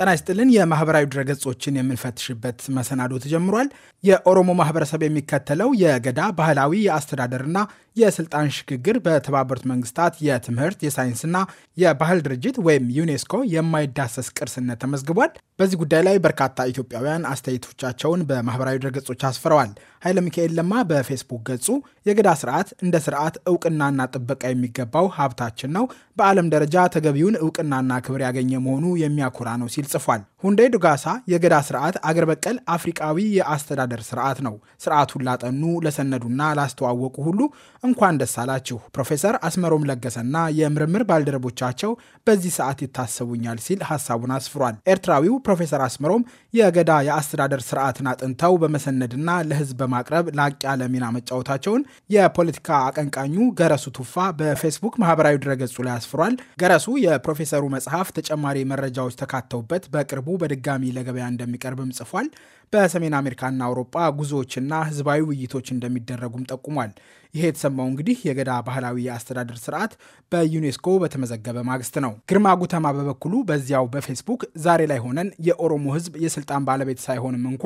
ጤና ይስጥልን። የማህበራዊ ድረገጾችን የምንፈትሽበት መሰናዶ ተጀምሯል። የኦሮሞ ማህበረሰብ የሚከተለው የገዳ ባህላዊ የአስተዳደርና የስልጣን ሽግግር በተባበሩት መንግስታት የትምህርት የሳይንስና የባህል ድርጅት ወይም ዩኔስኮ የማይዳሰስ ቅርስነት ተመዝግቧል። በዚህ ጉዳይ ላይ በርካታ ኢትዮጵያውያን አስተያየቶቻቸውን በማህበራዊ ድረገጾች አስፍረዋል። ኃይለ ሚካኤል ለማ በፌስቡክ ገጹ የገዳ ስርዓት እንደ ስርዓት እውቅናና ጥበቃ የሚገባው ሀብታችን ነው፣ በዓለም ደረጃ ተገቢውን እውቅናና ክብር ያገኘ መሆኑ የሚያኮራ ነው ሲል በሚል ጽፏል። ሁንዴ ዱጋሳ የገዳ ስርዓት አገር በቀል አፍሪቃዊ የአስተዳደር ስርዓት ነው። ስርዓቱን ላጠኑ ለሰነዱና ላስተዋወቁ ሁሉ እንኳን ደስ አላችሁ። ፕሮፌሰር አስመሮም ለገሰና የምርምር ባልደረቦቻቸው በዚህ ሰዓት ይታሰቡኛል ሲል ሀሳቡን አስፍሯል። ኤርትራዊው ፕሮፌሰር አስመሮም የገዳ የአስተዳደር ስርዓትን አጥንተው በመሰነድና ለህዝብ በማቅረብ ላቅ ያለ ሚና መጫወታቸውን የፖለቲካ አቀንቃኙ ገረሱ ቱፋ በፌስቡክ ማህበራዊ ድረገጹ ላይ አስፍሯል። ገረሱ የፕሮፌሰሩ መጽሐፍ ተጨማሪ መረጃዎች ተካተውበት ያለበት በቅርቡ በድጋሚ ለገበያ እንደሚቀርብም ጽፏል። በሰሜን አሜሪካና አውሮፓ ጉዞዎችና ህዝባዊ ውይይቶች እንደሚደረጉም ጠቁሟል። ይሄ የተሰማው እንግዲህ የገዳ ባህላዊ የአስተዳደር ስርዓት በዩኔስኮ በተመዘገበ ማግስት ነው። ግርማ ጉተማ በበኩሉ በዚያው በፌስቡክ ዛሬ ላይ ሆነን የኦሮሞ ህዝብ የስልጣን ባለቤት ሳይሆንም እንኳ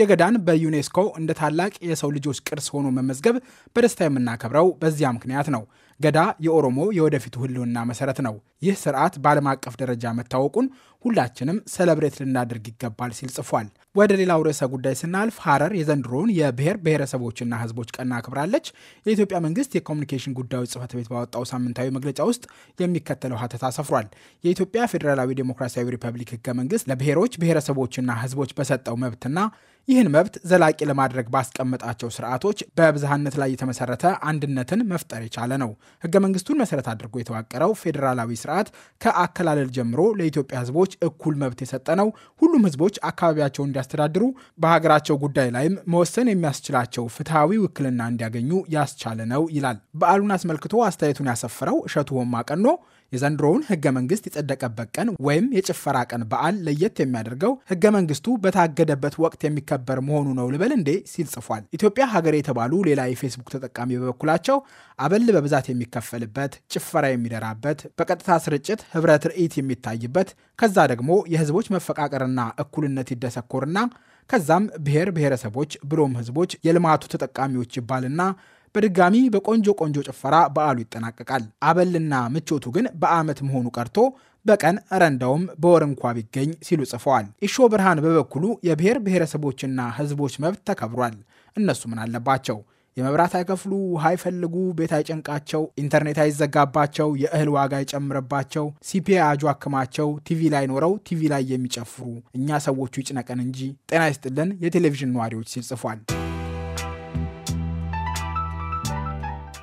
የገዳን በዩኔስኮ እንደ ታላቅ የሰው ልጆች ቅርስ ሆኖ መመዝገብ በደስታ የምናከብረው በዚያ ምክንያት ነው። ገዳ የኦሮሞ የወደፊቱ ህልውና መሰረት ነው። ይህ ስርዓት በዓለም አቀፍ ደረጃ መታወቁን ሁላችንም ሰለብሬት ልናደርግ ይገባል ሲል ጽፏል። ወደ ሌላው ርዕሰ ጉዳይ ስናልፍ ሀረር የዘንድሮውን የብሔር ብሔረሰቦችና ህዝቦች ቀን አክብራለች። የኢትዮጵያ መንግስት የኮሚኒኬሽን ጉዳዮች ጽህፈት ቤት ባወጣው ሳምንታዊ መግለጫ ውስጥ የሚከተለው ሀተታ ሰፍሯል። የኢትዮጵያ ፌዴራላዊ ዴሞክራሲያዊ ሪፐብሊክ ህገ መንግስት ለብሔሮች ብሔረሰቦችና ህዝቦች በሰጠው መብትና ይህን መብት ዘላቂ ለማድረግ ባስቀመጣቸው ስርዓቶች በብዝሃነት ላይ የተመሰረተ አንድነትን መፍጠር የቻለ ነው። ህገ መንግስቱን መሰረት አድርጎ የተዋቀረው ፌዴራላዊ ስርዓት ከአከላለል ጀምሮ ለኢትዮጵያ ህዝቦች እኩል መብት የሰጠ ነው። ሁሉም ህዝቦች አካባቢያቸውን እንዲያስተዳድሩ በሀገራቸው ጉዳይ ላይም መወሰን የሚያስችላቸው ፍትሐዊ ውክልና እንዲያገኙ ያስቻለ ነው ይላል። በዓሉን አስመልክቶ አስተያየቱን ያሰፈረው እሸቱ ሆማ ቀኖ የዘንድሮውን ህገ መንግስት የጸደቀበት ቀን ወይም የጭፈራ ቀን በዓል ለየት የሚያደርገው ህገ መንግስቱ በታገደበት ወቅት የሚከበር መሆኑ ነው ልበል እንዴ ሲል ጽፏል። ኢትዮጵያ ሀገር የተባሉ ሌላ የፌስቡክ ተጠቃሚ በበኩላቸው አበል በብዛት የሚከፈልበት፣ ጭፈራ የሚደራበት፣ በቀጥታ ስርጭት ህብረ ትርኢት የሚታይበት ከዛ ደግሞ የህዝቦች መፈቃቀርና እኩልነት ይደሰኮርና ከዛም ብሔር ብሔረሰቦች ብሎም ህዝቦች የልማቱ ተጠቃሚዎች ይባልና በድጋሚ በቆንጆ ቆንጆ ጭፈራ በዓሉ ይጠናቀቃል። አበልና ምቾቱ ግን በዓመት መሆኑ ቀርቶ በቀን ረንዳውም በወር እንኳ ቢገኝ ሲሉ ጽፈዋል። ኢሾ ብርሃን በበኩሉ የብሔር ብሔረሰቦችና ሕዝቦች መብት ተከብሯል፣ እነሱ ምን አለባቸው? የመብራት አይከፍሉ፣ ውሃ አይፈልጉ፣ ቤት አይጨንቃቸው፣ ኢንተርኔት አይዘጋባቸው፣ የእህል ዋጋ አይጨምርባቸው፣ ሲፒ አክማቸው ቲቪ ላይ ኖረው ቲቪ ላይ የሚጨፍሩ እኛ ሰዎቹ ይጭነቀን እንጂ ጤና ይስጥልን የቴሌቪዥን ነዋሪዎች ሲል ጽፏል።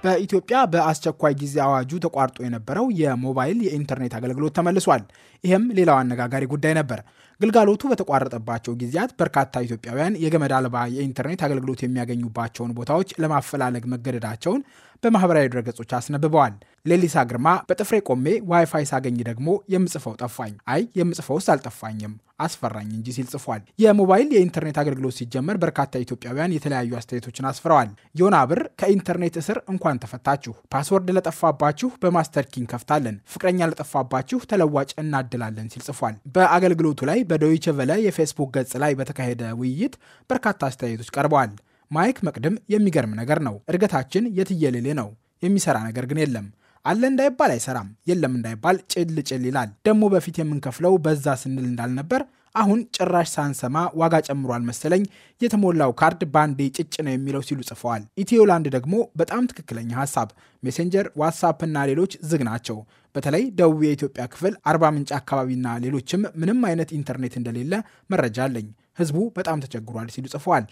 በኢትዮጵያ በአስቸኳይ ጊዜ አዋጁ ተቋርጦ የነበረው የሞባይል የኢንተርኔት አገልግሎት ተመልሷል። ይህም ሌላው አነጋጋሪ ጉዳይ ነበር። ግልጋሎቱ በተቋረጠባቸው ጊዜያት በርካታ ኢትዮጵያውያን የገመድ አልባ የኢንተርኔት አገልግሎት የሚያገኙባቸውን ቦታዎች ለማፈላለግ መገደዳቸውን በማህበራዊ ድረገጾች አስነብበዋል። ሌሊሳ ግርማ በጥፍሬ ቆሜ ዋይፋይ ሳገኝ ደግሞ የምጽፈው ጠፋኝ፣ አይ የምጽፈውስ አልጠፋኝም አስፈራኝ እንጂ ሲል ጽፏል። የሞባይል የኢንተርኔት አገልግሎት ሲጀመር በርካታ ኢትዮጵያውያን የተለያዩ አስተያየቶችን አስፍረዋል። ዮና ብር ከኢንተርኔት እስር እንኳን ተፈታችሁ፣ ፓስወርድ ለጠፋባችሁ በማስተር ኪን ከፍታለን፣ ፍቅረኛ ለጠፋባችሁ ተለዋጭ እናድላለን ሲል ጽፏል። በአገልግሎቱ ላይ በዶይቸ ቨለ የፌስቡክ ገጽ ላይ በተካሄደ ውይይት በርካታ አስተያየቶች ቀርበዋል። ማይክ መቅድም የሚገርም ነገር ነው። እድገታችን የትየሌሌ ነው። የሚሰራ ነገር ግን የለም። አለ እንዳይባል አይሰራም፣ የለም እንዳይባል ጭል ጭል ይላል። ደግሞ በፊት የምንከፍለው በዛ ስንል እንዳልነበር አሁን ጭራሽ ሳንሰማ ዋጋ ጨምሯል መሰለኝ የተሞላው ካርድ ባንዴ ጭጭ ነው የሚለው ሲሉ ጽፈዋል። ኢትዮላንድ ደግሞ በጣም ትክክለኛ ሀሳብ ሜሴንጀር፣ ዋትሳፕ እና ሌሎች ዝግ ናቸው። በተለይ ደቡብ የኢትዮጵያ ክፍል አርባ ምንጭ አካባቢና ሌሎችም ምንም አይነት ኢንተርኔት እንደሌለ መረጃ አለኝ። ህዝቡ በጣም ተቸግሯል ሲሉ ጽፈዋል።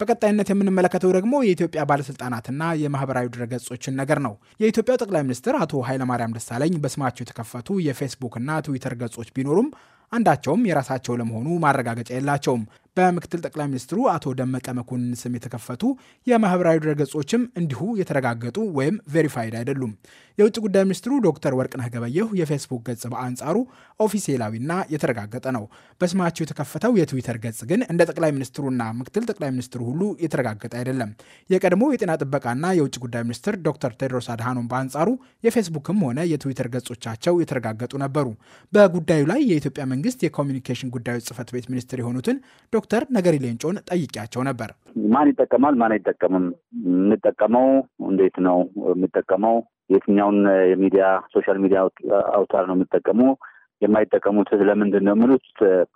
በቀጣይነት የምንመለከተው ደግሞ የኢትዮጵያ ባለስልጣናትና የማህበራዊ ድረገጾችን ነገር ነው። የኢትዮጵያው ጠቅላይ ሚኒስትር አቶ ኃይለማርያም ደሳለኝ በስማቸው የተከፈቱ የፌስቡክና ትዊተር ገጾች ቢኖሩም አንዳቸውም የራሳቸው ለመሆኑ ማረጋገጫ የላቸውም። በምክትል ጠቅላይ ሚኒስትሩ አቶ ደመቀ መኮንን ስም የተከፈቱ የማህበራዊ ድረገጾችም እንዲሁ የተረጋገጡ ወይም ቬሪፋይድ አይደሉም። የውጭ ጉዳይ ሚኒስትሩ ዶክተር ወርቅነህ ገበየሁ የፌስቡክ ገጽ በአንጻሩ ኦፊሴላዊና የተረጋገጠ ነው። በስማቸው የተከፈተው የትዊተር ገጽ ግን እንደ ጠቅላይ ሚኒስትሩና ምክትል ጠቅላይ ሚኒስትሩ ሁሉ የተረጋገጠ አይደለም። የቀድሞ የጤና ጥበቃና የውጭ ጉዳይ ሚኒስትር ዶክተር ቴድሮስ አድሃኖም በአንጻሩ የፌስቡክም ሆነ የትዊተር ገጾቻቸው የተረጋገጡ ነበሩ። በጉዳዩ ላይ የኢትዮጵያ መንግስት የኮሚኒኬሽን ጉዳዮች ጽህፈት ቤት ሚኒስትር የሆኑትን ዶክተር ነገሪ ሌንጮን ጠይቄያቸው ነበር። ማን ይጠቀማል? ማን አይጠቀምም? የምጠቀመው እንዴት ነው የምጠቀመው? የትኛውን የሚዲያ ሶሻል ሚዲያ አውታር ነው የምጠቀመው? የማይጠቀሙት ለምንድን ነው የሚሉት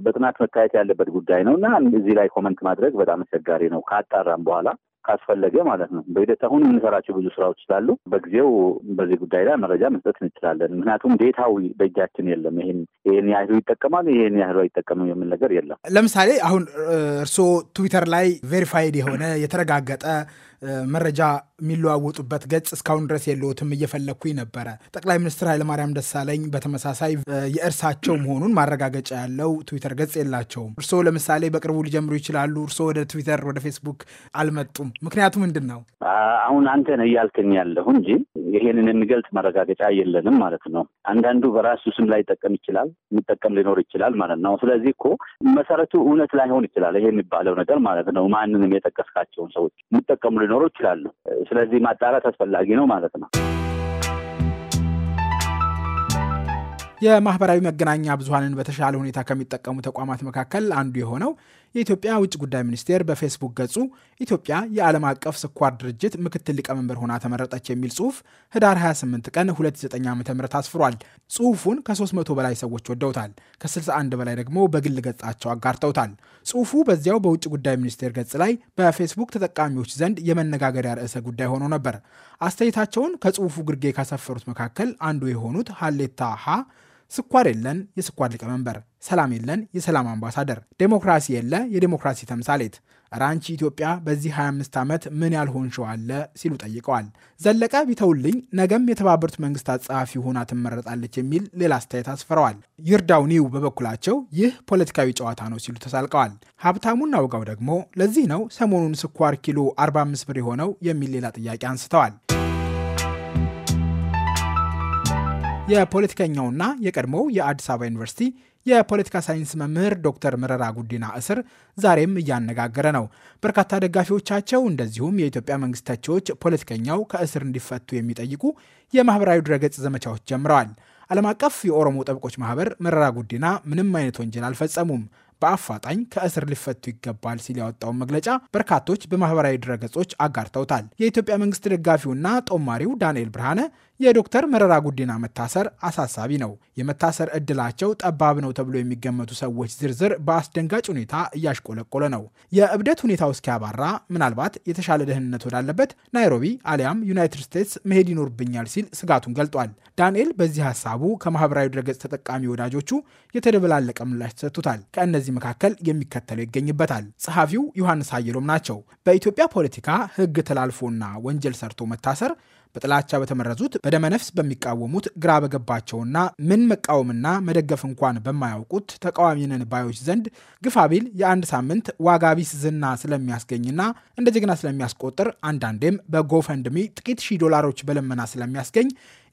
በጥናት መታየት ያለበት ጉዳይ ነው እና እዚህ ላይ ኮመንት ማድረግ በጣም አስቸጋሪ ነው። ካጣራም በኋላ ካስፈለገ ማለት ነው። በሂደት አሁን የምንሰራቸው ብዙ ስራዎች ስላሉ በጊዜው በዚህ ጉዳይ ላይ መረጃ መስጠት እንችላለን። ምክንያቱም ዴታዊ በእጃችን የለም። ይህን ይህን ያህሉ ይጠቀማል፣ ይህን ያህሉ አይጠቀምም የሚል ነገር የለም። ለምሳሌ አሁን እርስዎ ትዊተር ላይ ቬሪፋይድ የሆነ የተረጋገጠ መረጃ የሚለዋወጡበት ገጽ እስካሁን ድረስ የለውትም፣ እየፈለግኩኝ ነበረ። ጠቅላይ ሚኒስትር ኃይለማርያም ደሳለኝ በተመሳሳይ የእርሳቸው መሆኑን ማረጋገጫ ያለው ትዊተር ገጽ የላቸውም። እርስዎ ለምሳሌ በቅርቡ ሊጀምሩ ይችላሉ። እርስዎ ወደ ትዊተር ወደ ፌስቡክ አልመጡም። ምክንያቱ ምንድን ነው? አሁን አንተ ነው እያልክን ያለሁ እንጂ ይሄንን የሚገልጽ መረጋገጫ የለንም ማለት ነው። አንዳንዱ በራሱ ስም ላይ ጠቀም ይችላል የሚጠቀም ሊኖር ይችላል ማለት ነው። ስለዚህ እኮ መሰረቱ እውነት ላይሆን ይችላል ይሄ የሚባለው ነገር ማለት ነው። ማንንም የጠቀስካቸውን ሰዎች የሚጠቀሙ ሊኖሩ ይችላሉ። ስለዚህ ማጣራት አስፈላጊ ነው ማለት ነው። የማህበራዊ መገናኛ ብዙሀንን በተሻለ ሁኔታ ከሚጠቀሙ ተቋማት መካከል አንዱ የሆነው የኢትዮጵያ ውጭ ጉዳይ ሚኒስቴር በፌስቡክ ገጹ ኢትዮጵያ የዓለም አቀፍ ስኳር ድርጅት ምክትል ሊቀመንበር ሆና ተመረጠች የሚል ጽሁፍ ህዳር 28 ቀን 29 ዓ ም አስፍሯል። ጽሁፉን ከ300 በላይ ሰዎች ወደውታል፣ ከ61 በላይ ደግሞ በግል ገጻቸው አጋርተውታል። ጽሁፉ በዚያው በውጭ ጉዳይ ሚኒስቴር ገጽ ላይ በፌስቡክ ተጠቃሚዎች ዘንድ የመነጋገሪያ ርዕሰ ጉዳይ ሆኖ ነበር። አስተያየታቸውን ከጽሁፉ ግርጌ ካሰፈሩት መካከል አንዱ የሆኑት ሀሌታ ሀ ስኳር የለን የስኳር ሊቀመንበር፣ ሰላም የለን የሰላም አምባሳደር፣ ዴሞክራሲ የለ የዴሞክራሲ ተምሳሌት ራንቺ ኢትዮጵያ በዚህ 25 ዓመት ምን ያልሆንሽው አለ ሲሉ ጠይቀዋል። ዘለቀ ቢተውልኝ ነገም የተባበሩት መንግስታት ጸሐፊ ሆና ትመረጣለች የሚል ሌላ አስተያየት አስፍረዋል። ይርዳው ኒው በበኩላቸው ይህ ፖለቲካዊ ጨዋታ ነው ሲሉ ተሳልቀዋል። ሀብታሙና አውጋው ደግሞ ለዚህ ነው ሰሞኑን ስኳር ኪሎ 45 ብር የሆነው የሚል ሌላ ጥያቄ አንስተዋል። የፖለቲከኛውና የቀድሞው የአዲስ አበባ ዩኒቨርሲቲ የፖለቲካ ሳይንስ መምህር ዶክተር መረራ ጉዲና እስር ዛሬም እያነጋገረ ነው። በርካታ ደጋፊዎቻቸው እንደዚሁም የኢትዮጵያ መንግስት ተቺዎች ፖለቲከኛው ከእስር እንዲፈቱ የሚጠይቁ የማህበራዊ ድረገጽ ዘመቻዎች ጀምረዋል። ዓለም አቀፍ የኦሮሞ ጠበቆች ማህበር መረራ ጉዲና ምንም አይነት ወንጀል አልፈጸሙም በአፋጣኝ ከእስር ሊፈቱ ይገባል ሲል ያወጣውን መግለጫ በርካቶች በማህበራዊ ድረገጾች አጋርተውታል። የኢትዮጵያ መንግስት ደጋፊውና ጦማሪው ዳንኤል ብርሃነ የዶክተር መረራ ጉዲና መታሰር አሳሳቢ ነው። የመታሰር እድላቸው ጠባብ ነው ተብሎ የሚገመቱ ሰዎች ዝርዝር በአስደንጋጭ ሁኔታ እያሽቆለቆለ ነው። የእብደት ሁኔታው እስኪያባራ ምናልባት የተሻለ ደህንነት ወዳለበት ናይሮቢ አሊያም ዩናይትድ ስቴትስ መሄድ ይኖርብኛል ሲል ስጋቱን ገልጧል። ዳንኤል በዚህ ሀሳቡ ከማህበራዊ ድረገጽ ተጠቃሚ ወዳጆቹ የተደበላለቀ ምላሽ ተሰጥቶታል። ከእነዚህ መካከል የሚከተለው ይገኝበታል። ጸሐፊው ዮሐንስ አየሎም ናቸው። በኢትዮጵያ ፖለቲካ ህግ ተላልፎና ወንጀል ሰርቶ መታሰር በጥላቻ በተመረዙት በደመነፍስ በሚቃወሙት ግራ በገባቸውና ምን መቃወምና መደገፍ እንኳን በማያውቁት ተቃዋሚነን ባዮች ዘንድ ግፋቢል የአንድ ሳምንት ዋጋ ቢስ ዝና ስለሚያስገኝና እንደ ጀግና ስለሚያስቆጥር አንዳንዴም በጎፈንድሚ ጥቂት ሺህ ዶላሮች በለመና ስለሚያስገኝ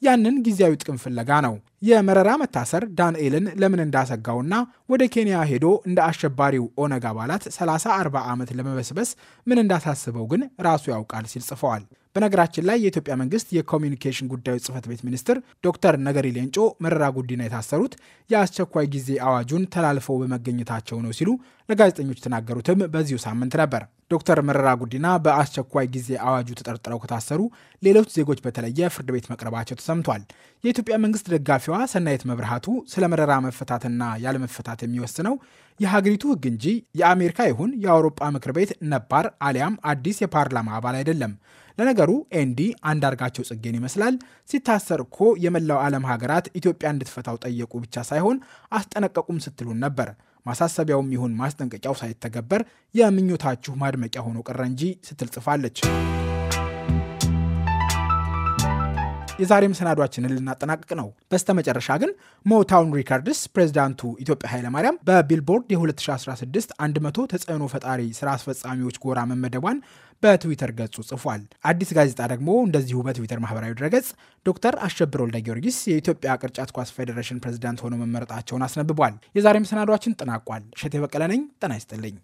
ያንን ጊዜያዊ ጥቅም ፍለጋ ነው። የመረራ መታሰር ዳንኤልን ለምን እንዳሰጋውና ወደ ኬንያ ሄዶ እንደ አሸባሪው ኦነግ አባላት 30-40 ዓመት ለመበስበስ ምን እንዳሳስበው ግን ራሱ ያውቃል ሲል ጽፈዋል። በነገራችን ላይ የኢትዮጵያ መንግስት የኮሚኒኬሽን ጉዳዮች ጽህፈት ቤት ሚኒስትር ዶክተር ነገሪ ሌንጮ መረራ ጉዲና የታሰሩት የአስቸኳይ ጊዜ አዋጁን ተላልፈው በመገኘታቸው ነው ሲሉ ለጋዜጠኞች የተናገሩትም በዚሁ ሳምንት ነበር። ዶክተር መረራ ጉዲና በአስቸኳይ ጊዜ አዋጁ ተጠርጥረው ከታሰሩ ሌሎች ዜጎች በተለየ ፍርድ ቤት መቅረባቸው ተሰምቷል። የኢትዮጵያ መንግስት ደጋፊዋ ሰናየት መብርሃቱ ስለ መረራ መፈታትና ያለመፈታት የሚወስነው የሀገሪቱ ህግ እንጂ የአሜሪካ ይሁን የአውሮፓ ምክር ቤት ነባር አሊያም አዲስ የፓርላማ አባል አይደለም። ለነገሩ ኤንዲ አንዳርጋቸው ጽጌን ይመስላል። ሲታሰር እኮ የመላው ዓለም ሀገራት ኢትዮጵያ እንድትፈታው ጠየቁ ብቻ ሳይሆን አስጠነቀቁም ስትሉን ነበር። ማሳሰቢያውም ይሁን ማስጠንቀቂያው ሳይተገበር የምኞታችሁ ማድመቂያ ሆኖ ቀረ እንጂ ስትል ጽፋለች። የዛሬ መሰናዷችንን ልናጠናቅቅ ነው። በስተመጨረሻ ግን ሞታውን ሪካርድስ ፕሬዚዳንቱ ኢትዮጵያ ኃይለማርያም በቢልቦርድ የ2016 100 ተጽዕኖ ፈጣሪ ስራ አስፈጻሚዎች ጎራ መመደቧን በትዊተር ገጹ ጽፏል። አዲስ ጋዜጣ ደግሞ እንደዚሁ በትዊተር ማህበራዊ ድረገጽ ዶክተር አሸብር ወልደ ጊዮርጊስ የኢትዮጵያ ቅርጫት ኳስ ፌዴሬሽን ፕሬዚዳንት ሆነው መመረጣቸውን አስነብቧል። የዛሬ መሰናዷችን ጠናቋል። እሸቴ በቀለ ነኝ። ጤና ይስጥልኝ።